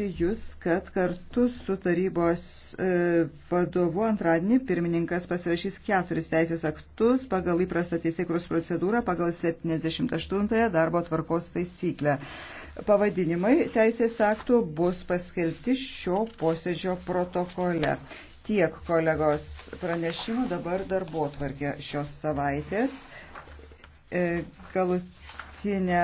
Jūs, kad kartu su tarybos e, vadovu antradienį pirmininkas pasirašys keturis teisės aktus pagal įprastą teisėkros procedūrą pagal 78 darbo tvarkos taisyklę. Pavadinimai teisės aktų bus paskelbti šio posėdžio protokole. Tiek kolegos pranešimų dabar darbo tvarkė šios savaitės. E, galutinė